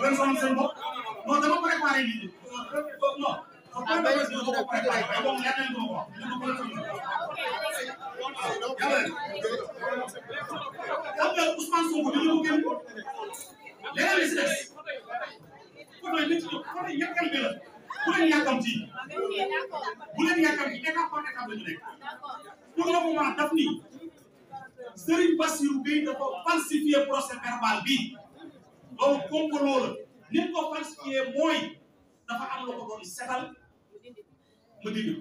doon sonal seen bopp non dama préparé lii non. ah béy bi dama ko préparé mais moom leer nañu ko ma ko wax xam nga Ousmane Sonko dina ko génn leneen li si des pour mooy nit ñi ñàkkal bi la bu leen yàkkamti bu leen yàkkamti étape par étape la ñu nekk pour le moment daf ni Serigne Bassirou Gueye dafa falsifié procès verbal bi. donc complot la ni mu ko mooy dafa am ko doon setal mu dindi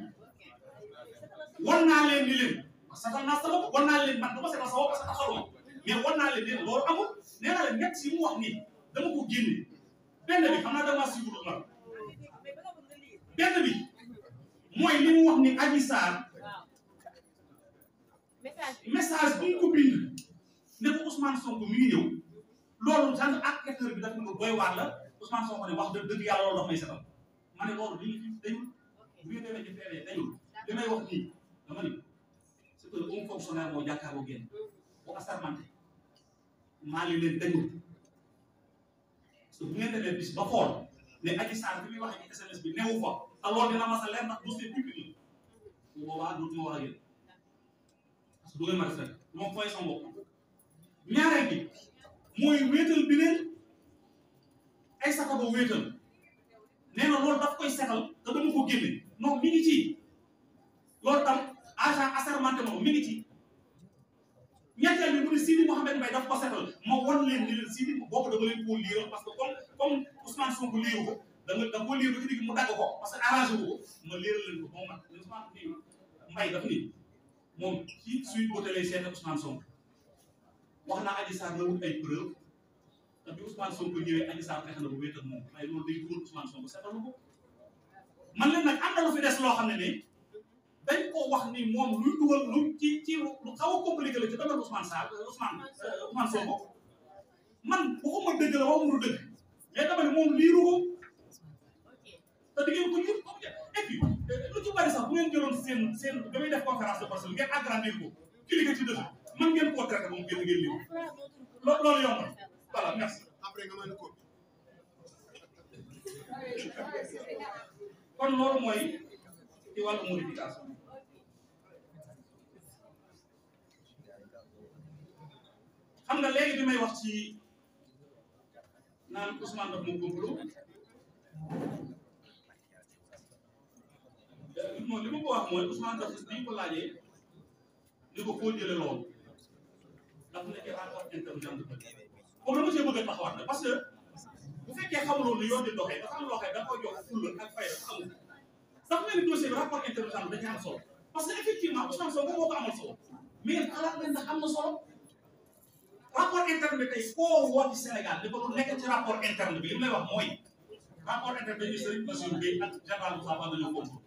ko naa leen ni leen setal naa sama bopp wan naa leen man dama setal sama bopp parce que taxaru ma mais wan naa leen loolu amul nee naa leen ñett mu wax nii dama ko génne benn bi xam naa dama siiwul ma benn bi mooy li mu wax ni Adji Sarr message bu mu ko bind ne ko Ousmane Sonko mi ngi ñëw loolu genre enquêteur bi daf dëgg yàlla loolu daf may setal ma loolu li ñu bu ñu demee ci PV dañu li wax nii dama ni c'est que un fonctionnaire moo jàkkaarloo génn bu assermenté maa ngi leen dañu parce que bu ngeen demee bis ba xool ne Adji Sarr bi wax ci SMS bi newu fa te loolu dina mas a leer ndax dossier public bu boobaa dootuma war a yéen parce que du ngeen ma respecté fooy sa mbokk ñaareel bi mooy wéetal bi leen ay saka ba wéetal nee na daf koy setal te dama ko génne non mi ngi ci loolu tam agent assermenté moom mi ngi ci ñetteel bi mu ne Sidi Mouhamed Mbaye daf ko setal ma won leen ni leen Sidi boobu dama leen koo liiral parce que comme comme Ousmane Sonko liiru ko da nga da mu dagg ko parce que arrangé wu ko ma liiral leen ko moom man Ousmane Mbaye daf ni moom ci suy bootalee seet ak Ousmane wax naa Adji Sarr na wut ay preuve te bi Ousmane Sonko ñëwee Adji Sarr fexe na bu wéet ak moom waaye day wóor Ousmane Sonko seetalu ko man leen lu fi dañ wax ni lu ci ci lu xaw a compliqué la ci domaine Ousmane Sarr Ousmane Ousmane Sonko man waxuma dëgg la waxuma lu dëgg mais dama ne moom liiru ko da ngeen ko et puis lu ci bari sax bu ngeen jëloon seen seen damay def conférence de presse ngeen agrandir ko kii liggéey ci mën ngeen koo traité moom génn ngeen loolu yomb na voilà merci. après loolu mooy ci wàllu modification xam nga léegi bi may wax ci naan Ousmane daf mu góobloo non li ma ko wax mooy Ousmane daf bi ñu ko laajee li ko koo jëlee loolu. daf nekk rencontre intergouvernementale moom la ma see bëgg a taxawaat nag parce que bu fekkee xamuloon ne yoon di doxee dafa am loo xam ne da koy jox fulla ak fayda amul dafa mel ni dossier bi rapport intergouvernemental dañu am solo parce que effectivement Ousmane Sonko moo ko amal solo mais xalaat nañ ndax am na solo rapport interne bi tey foo woo ci Sénégal li ko nekk ci rapport interne bi li mu lay wax mooy rapport interne bi Serigne Bassirou Gueye ak général Moussa Ba dañoo komplo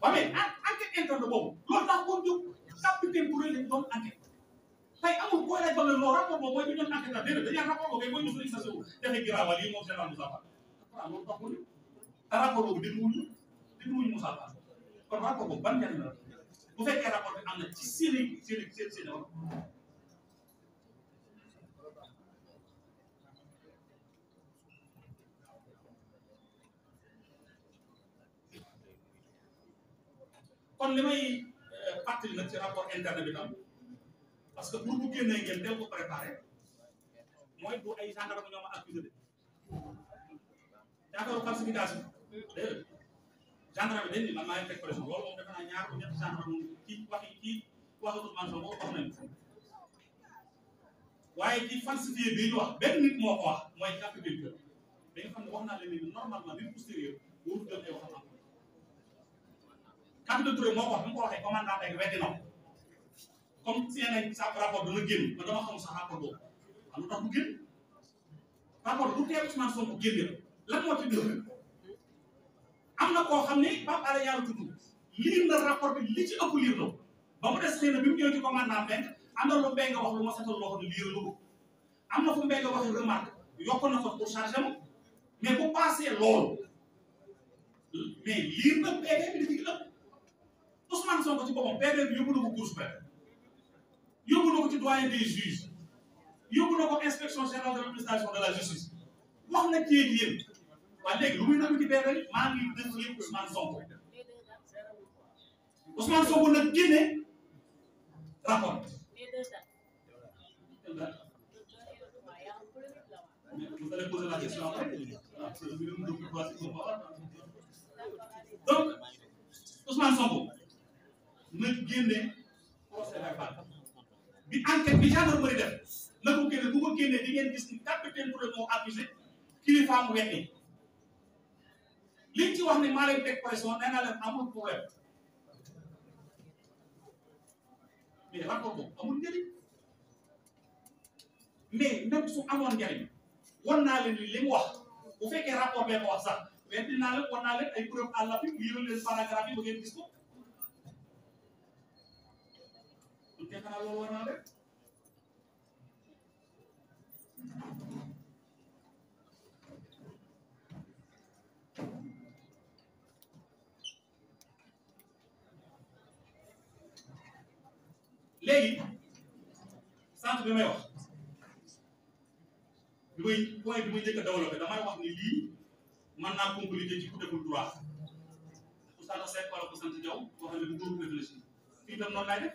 ba mais enquête interne boobu loolu tax boobu jóg capitaine bu rëy lañ doon enquête tey amul booy lañ ba mel noonu rapport boobu mooy bi ñoom enquêteur déedéet dañuy rapport boobu mooy mosu nañu sa sew dafay giraawal yi moom général Moussa Fall waaw loolu taxul ñu te ah, rapport boobu déglu wuñu déglu wuñu Moussa Fall kon rapport boobu ban njëriñ la bu fekkee rapport bi am na ci seen i seen i seen seen kon li may euh, fàttali nag ci rapport interne bi tam parce que bu bu génnee ngeen teel ko préparer moy bu ay gendarme ñoo ma accusé de yaakaaru falsification déedéet gendarme dañ ni man maa ngi teg pression loolu moom na ñaar ko ñett gendarme moom ci wax yi ci waxu Ousmane Sonko wax nañ waye di falsifier bi ñu wax ben nit moo ko wax mooy carte d' da nga xamne wax na leen ni normalement bi postérieur warul jël ay wax am carte de Touré wax bu ko waxe commandant rek weddi na comme nee nañ sa rapport dana génn ma dama xam sa rapport boobu am lu tax mu génn rapport bu tee Ousmane Sonko génn la lan moo ci dëgg am na koo xam ne Pape Alé Yalla tudd liir na rapport bi li ci ëpp liir na ba mu des xëy na bi mu ñëw ci commandant Mbeng am na lu Mbeng wax lu ma setal loo xam ne liir lu ko am na fu Mbeng wax remarque yokk na fa pour chargé ma mais bu passé loolu mais liir na PV bi li ci Ousmane Sonko ci boppam PV bi yóbbu ko cour supérieure yóbbu na ko ci doyen des juges yóbbu na ko inspection générale de l'administration de la justice wax na ci yéen waaye léegi lu muy nangu ci beereel maa ngi def yéen Ousmane Sonko Ousmane Sonko nag génne rapport. donc Ousmane Sonko nag génne bi enquête bi gendarmerie def la ko génne bu ko génnee di ngeen gis ni capitaine Touré moo accusé kilifaam weddi liñ ci wax ni maa leen teg pression nee naa leen amul problème mais rapport boobu amul njëriñ mais même su amoon njëriñ wan naa leen ni mu wax bu fekkee rapport bee ko wax sax mais dinaa leen wan naa leen ay preuve à l'appui yëral leen paragraphe yi ba ngeen gis ko yaakaar naa léegi centre bi may wax bi may point bi may njëkk a damay wax ni lii mën naa conclure ci ku deful droit ku sant Seck wala ku sant Diaw boo xam ne bu dóobu réfléchir fii tam noonu laay def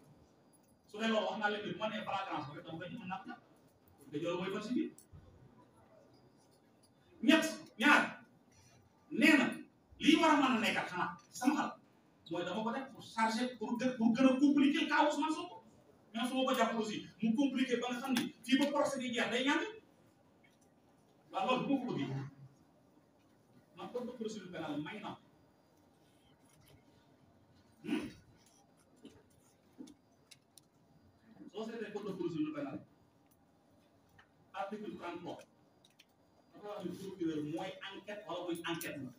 su dee loolu wax naa leen ne bu ma nee fragrance ba dama koy na te loolu mooy kon si biir ñett ñaar nee na lii war a mën a nekkal xanaa sama xel mooy dama ko def pour charger pour gë pour gën a compliquer cas Ousmane Sonko même su ma ko jàpp aussi mu compliquer ba nga xam ni fii ba procès bi jeex day ñàkk waaw loolu bu ma ko man code de procédure pénale may na concernant code de procédure pénale article 33 dafa wax ni procureur mooy enquête wala muy enquête la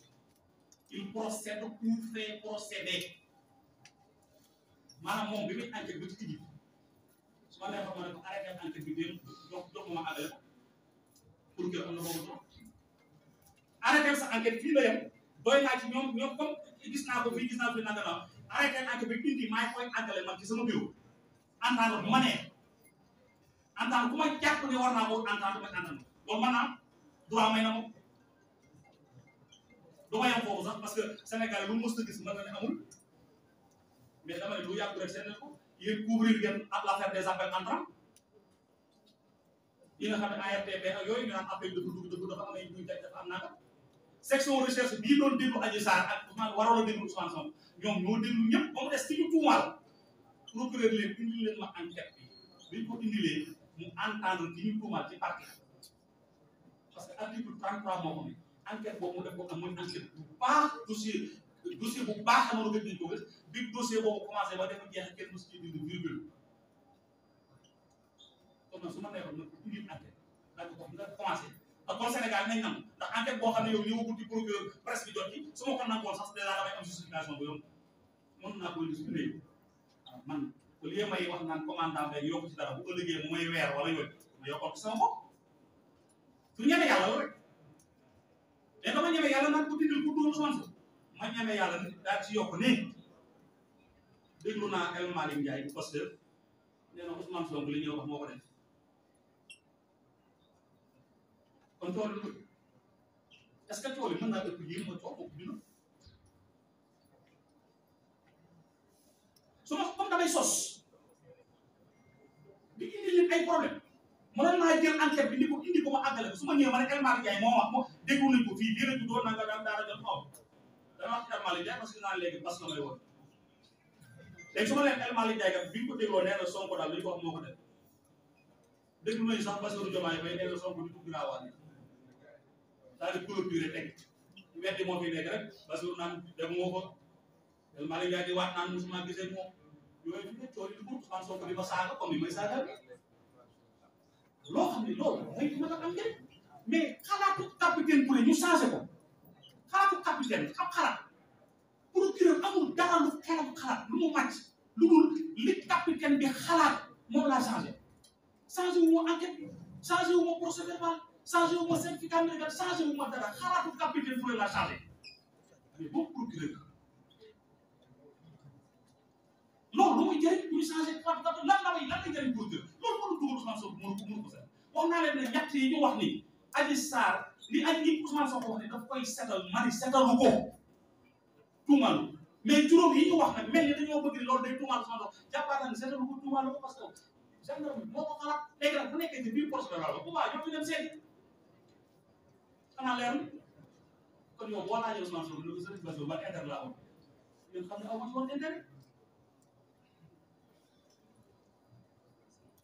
il procède pour moom bi muy enquête ba ci tijji su ma neexoon ma ne ko arrêté enquête bi démb jox jox ma ma àggale ko pour que am na boobu trop arrêté sa enquête fii la yem doy naa ci ñoom ñoom comme gis naa ko fii gis naa ko fii nangam arrêté enquête bi indi maa ngi koy àggale man ci sama bureau. entendre bu ma neex bu ma jàpp ne war naa ko entendre ma entendre loolu maanaam droit na moom du ma foofu sax parce que Sénégal lu mu mës gis mën ne amul mais dama ne lu rek seen yooyu ñu naan appel dugg dugg dafa am ay ñuy dafa am naa section recherche bii doon déglu Adji Sarr ak waroon a déglu Ousmane Sonko ñoom ñoo déglu ñëpp ba des ci ñu tuumaal procureur leen indil leen ma enquête bi biñ ko indilee mu entendre ci ñu tuumal ci parquet parce que article 33 moo ko ne enquête boobu mu def ko am mooy enquête bu baax dossier dossier bu baax xamoon gëj nañ ko gis bi dossier boobu commencé ba def jeex kenn mos ci bind virgule kon nag su ma neexoon nag indil enquête daa ko nga commencé ak kon Sénégal nañ nangu ndax enquête boo xam ne yow ñëwagul ci procureur presse bi jot ci su ma ko nangoon sax dèjà damay am justification bu yomb mën naa koy discuter man au lieu may wax naan commandant beeg yokku ci dara bu ëllëgee mu may weer wala yooyu ma yokkal ko sama bopp du ñeme yàlla la rek mais dama ñeme yàlla naan ko tindil ku dóor sonn ma ñeme yàlla nit daal ci yokk nii déglu naa El Malick Ndiaye bu pasteur nee na Ousmane Sonko li ñëw wax moo def kon tool est ce que tool mën naa ëpp yéem ma toog ko dina suma comme damay sos di indi leen ay problème mënoon naa jël enquête bi ni indi ko ma àggale ko su ma ñëwee El Malick Ndiaye moo wax mo déglu nañ ko fii bii la juddoo nanga daan daara jot xaw dana oh. wax El Malick Ndiaye parce que naa léegi bas la may woon léegi su ma El Malick Ndiaye kat bi ko dégloo nee na Sonko daal luñ ko wax moo def nañ sax di ko gën a di clôturer teg weddi moo fi nekk rek dem El di musuma yooyu fi ne coow yi dugub Ousmane Sonko di ma saaga comme ni may saaga loo xam ne loolu mooy li mën a am njëriñ mais xalaatu capitaine Touré ñu changé ko xalaatu capitaine xam xalaat procureur amul dara lu xelam xalaat lu mu màcc lu dul li capitaine bi xalaat moom laa changé changé wu ma enquête changé wu ma procès verbal changé wu ma certificat médical changé wu ma dara xalaatu capitaine Touré laa changé mais boobu procureur loolu lu muy jëriñ bu ñu changé carte d'identité lan la may lan la jëriñ producteur loolu mënul dugal Ousmane Sonko mënu ko mënu ko sax wax naa leen ne ñett yi ñu wax ni Adji Sarr li ak li Ousmane Sonko wax ne daf koy setal mari setalu ko tuumalu mais juróom yi ñu wax nag mel ni dañoo bëgg ni loolu day tuumaal Ousmane Sonko jàppaataan ne setalu ko tuumaalu ko parce que gendarme moo ko xalaat léegi nag bu nekkee ci biir procédure la bu baax ñoom ñu dem seeti xanaa leer kon yow boo laajee Ousmane Sonko ne ko sëriñ Bass ba intérêt laa am ñun xam ne aw ma ci woon intérêt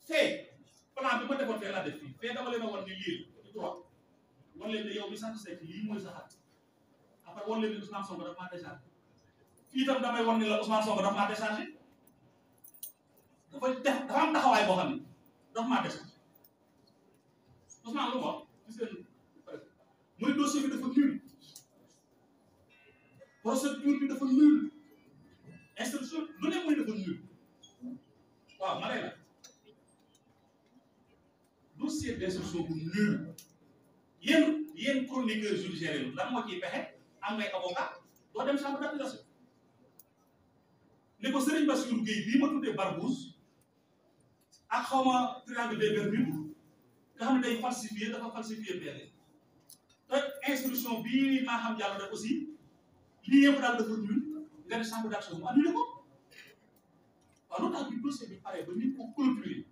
tey plan bi ma defoon fee dama leen a ni lii droit wan leen yow mi sant Seck lii mooy sa xat après wan leen Ousmane Sonko daf maa déchargé fii damay wan ni la Ousmane Sonko daf maa déchargé dafa def dafa am taxawaay boo xam ne daf Ousmane lu ko dossier bi dafa nul procédure bi dafa nul instruction lu ne dafa nul waaw la tous ces blessures sont nulles yéen yéen chroniqueur judiciaire lan moo ciy pexe am ngay avocat doo dem chambre d'accusation ne ko Serigne Bassirou Gueye bii ma tuddee Barbouze ak xaw ma triangle des Bermudes nga xam ne day falsifié dafa falsifié pexe te instruction bii maa xam jàll def aussi lii yëpp daal dafa nul nga ne chambre d'accusation mu annulé ko waaw loolu tax bi dossier bi pare ba nit ko clôturer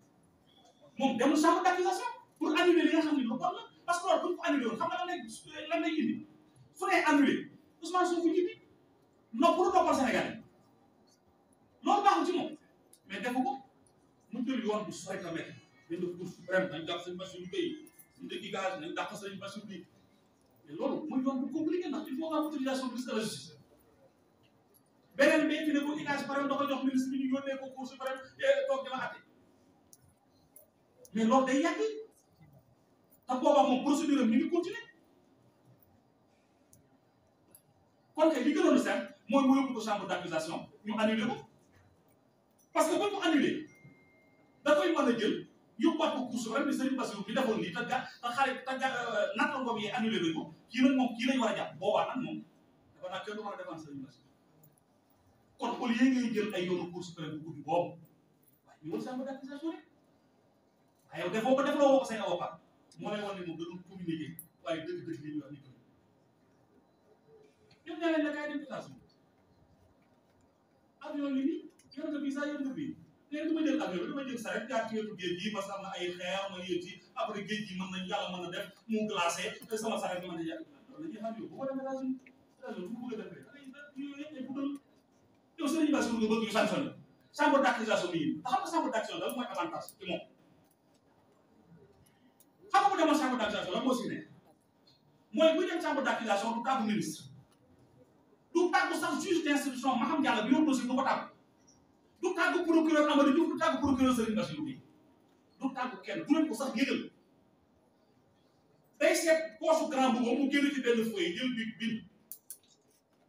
moom demul chambre d'accusation pour annuler li nga xam ne lu bon la parce que loolu bu ñu ko annulé woon xam nga lan lay lan lay indi fu ne annulé Ousmane Sonko ñibbi non pour noppal Sénégal loolu baaxul ci moom mais defu ko mu jël yoon bu sori la mel dañ def cour suprême dañ jàpp seen machine yu béy ñu dëkk gaz dañ dàq seen machine bi mais loolu mooy yoon bu compliqué ndax il faut nga am autorisation ministre de la justice beneen bi fi ne ko étage par exemple da ko jox ministre bi ñu yónnee ko cour suprême eh, toog dama àtte mais loolu day yàgg te boobaa moom procédure am ñu ngi continuer kon kay li gënoon a simple mooy mu yóbbu ko chambre d'accusation ñu annulé ko parce que ba mu annulé dafay mën a jël yóbbuwaat ko cour suprême ni bi defoon nii te ga te xaare te ga euh, natta boobu yee annulé nañ ko moom kii lañ war a jàpp boobaa nag moom dafa naa kenn du war a défendre Serigne Bassirou kon au lieu ngay jël ay yoonu cour suprême bu guddi boobu waaye ñu wër chambre d'accusation rek yow defoo ko defloo ko say avocat moo lay wan ne moom da doon communiquer waaye dëgg-dëgg li ñuy wax ni ko ñoom ñaa leen na kaay députation avion li nii yor nga visa yor nga bii léegi dama jël avion bi dama jël saret jaar ci wetu géej gi parce que am na ay xeer ma yëg ci après géej gi mën nañ yàlla mën na def mu glacé te sama saret bi mën na yàgg loolu la ñuy xam yow bu ko defee états unis états unis bu bëgg a defee da ngay yooyu yëpp ay budal yow sëriñ Bassirou nga bëgg ñu sanctionné chambre d' accusation bi xam nga chambre d' accusation daal mooy avantage ci moom xam nga bu demoon chambre d'accusation la moo si ne mooy bu dem chambre d'accusation du tàggu ministre du tàggu sax juge d'instruction Maham Diallo bi yóbbu dossier du ko tàggu du tàggu procureur Amady Diouf du tàggu procureur Serigne Bassirou bi du tàggu kenn du leen ko sax yëgal day seet poosu grand boobu mu génn ci benn feuille jël bi bind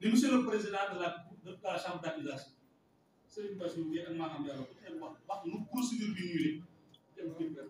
ni monsieur le président de la de la chambre d'accusation Serigne Bassirou bi ak Maham Diallo bu teel wax wax nu procédure bi ñuy dem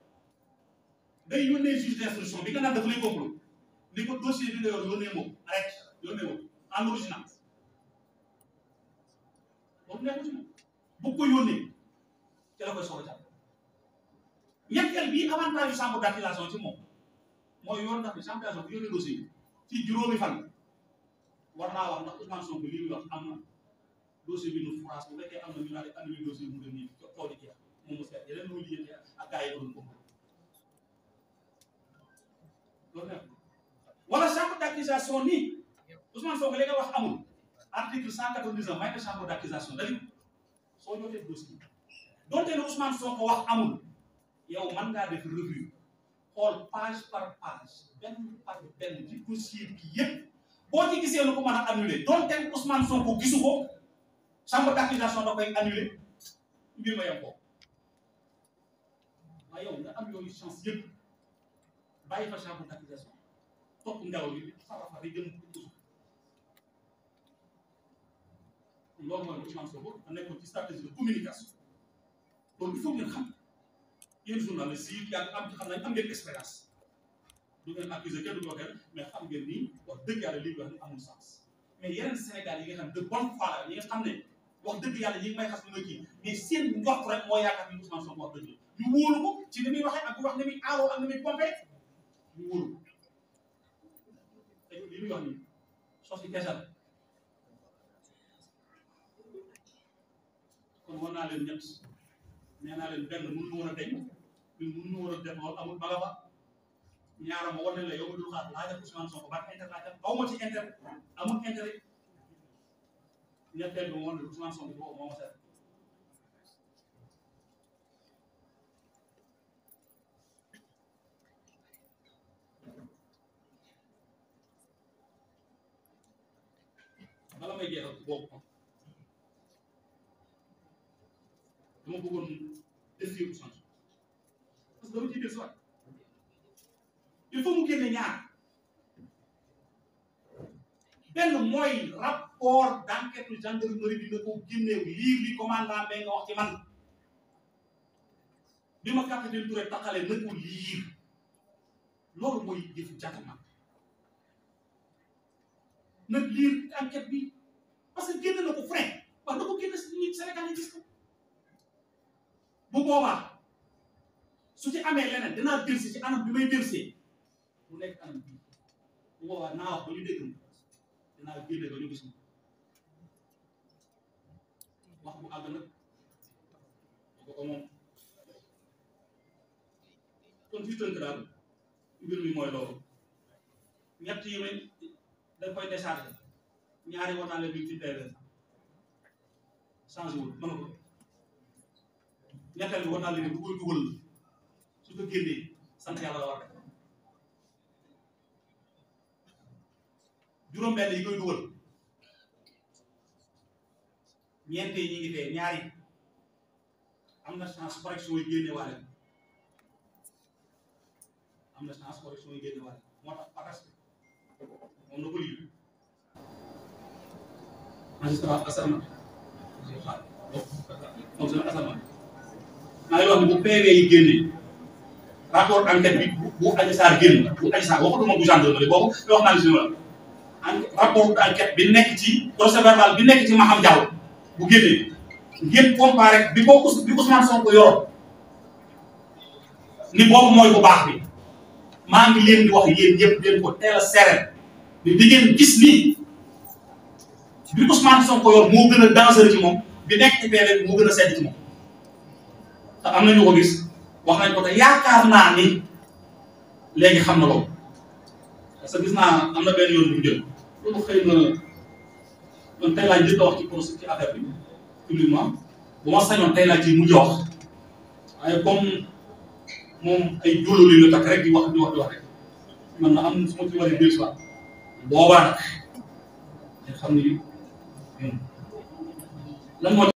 day yónnee juge d'instruction bi nga naan dafa lay complot ni ko dossier bi nga yor yónnee moom arrêté yónnee moom en original boobu nekkul ci moom bu ko yónnee ci la koy soog a jàpp ñetteel bi avantage yu chambre d'accusation ci moom mooy yoon ndax bi chambre d'accusation bu yónnee dossier bi ci juróomi fan war naa wax ndax Ousmane Sonko li muy wax am na dossier bi nu France bu fekkee am na ñu naan am nañu dossier mu dem nii coow di jeex moom mu seet yeneen lu muy liggéey ak gars yi doon ko loolu la wala chambre d'accusation nii Ousmane Sonko léegi wax amul article cent quatre-vingt-dix-neuf may na chambre d'accusation dañu soo jotee dossier donte ne Ousmane Sonko wax amul yow mën naa def revue xool page par page benn par benn ci dossier bi yëpp boo ci gisee lu ko mën a annulé donte ne Ousmane Sonko gisu ko chambre d'accusation da koy annulé mbir ma yem ko waaye yow nga am yooyu chance yëpp. bàyyi fa chambre d'accusation topp ndaw bi farafa bi jëm ko loolu mooy Ousmane Sonko nekkoon ci stratégie de communication donc il faut ngeen xam yéen journaliste yi yàlla am xam nañ am ngeen expérience du ngeen accuser kenn du ko kenn mais xam ngeen ni wax dëgg yàlla lii wax ni amul sens mais yeneen Sénégal yi nga xam de bonne foi yi nga xam ne wax dëgg yàlla ñi ngi may xas ñu kii mais seen njort rek moo yaakaar ni Ousmane Sonko wax dëgg ñu wóolu ko ci ni muy waxee ak wax ni muy aaroo ak ñu wóolu te li muy wax nii keesal kon war naa leen ñett nee naa leen benn mënuñu war a deñ ñun mënuñu war a def loolu amul bala ba ñaaram ma war nañ la yow dul xaar laajal Ousmane Sonko ban inter laajal aw ma ci inter amul intérêt ñetteel bi ma war na Ousmane Sonko boobu moo ma seet bala may jeexal boobu xam dama bëggoon essayer bu changé parce que dama ciy des waat il faut mu génne ñaar benn mooy rapport d' enquête gendarmerie bi na ko génneew lii li commandant bay nga wax ci man bi ma capitaine Touré taxalee na ko liir loolu mooy jëfu jàkk man nag liir enquête bi parce que génn na ko frais wax na ko génn si nit Sénégal yi gis ko bu boobaa su ci amee leneen dinaa dellusi ci anam bi may dellusee mu nekk anam bi bu boobaa naa wax ba ñu dégg dinaa génne ba ñu gis wax bu àgg nag ko ko moom kon fii tënk daal mbir mi mooy loolu ñett yi may dañ koy décharger ñaari waxtaan la bi ci PV changé wul mën ko ñetteel bi waxtaan la bi bu koy dugal su ko génnee sant yàlla la war a def juróom-benn yi koy dugal ñeente yi ñu ngi tee ñaari am na chance correction yi génne waale am na chance correction yi génne waale moo tax na ko lii magistrat asama ah, bu PV yi génnee rapport enquête bi bu bu Adji Sarr génn bu Adji Sarr waxatuma bu gendarmerie boobu wax naa ne suñu la rapport enquête bi nekk ci procès verbal bi nekk ci Maham Diallo bu bi ko bi Ousmane Sonko yoroon ni boobu mooy baax bi maa ngi leen di wax yéen ñëpp ko teel a ni di ngeen gis nii bi Ousmane Sonko yor moo gën a dangereux ci moom bi nekk ci PV moo gën a sedd ci moom te am na ñu ko gis wax nañ ko a yaakaar naa ni léegi xam na loolu parce que gis naa am na benn yoon bu mu jël loolu xëy na man tey laa wax ci bi wax ñu takk rek di wax di wax man na am su ma ci waree deux fois boobaa nag nga xam ni. 嗯，那我。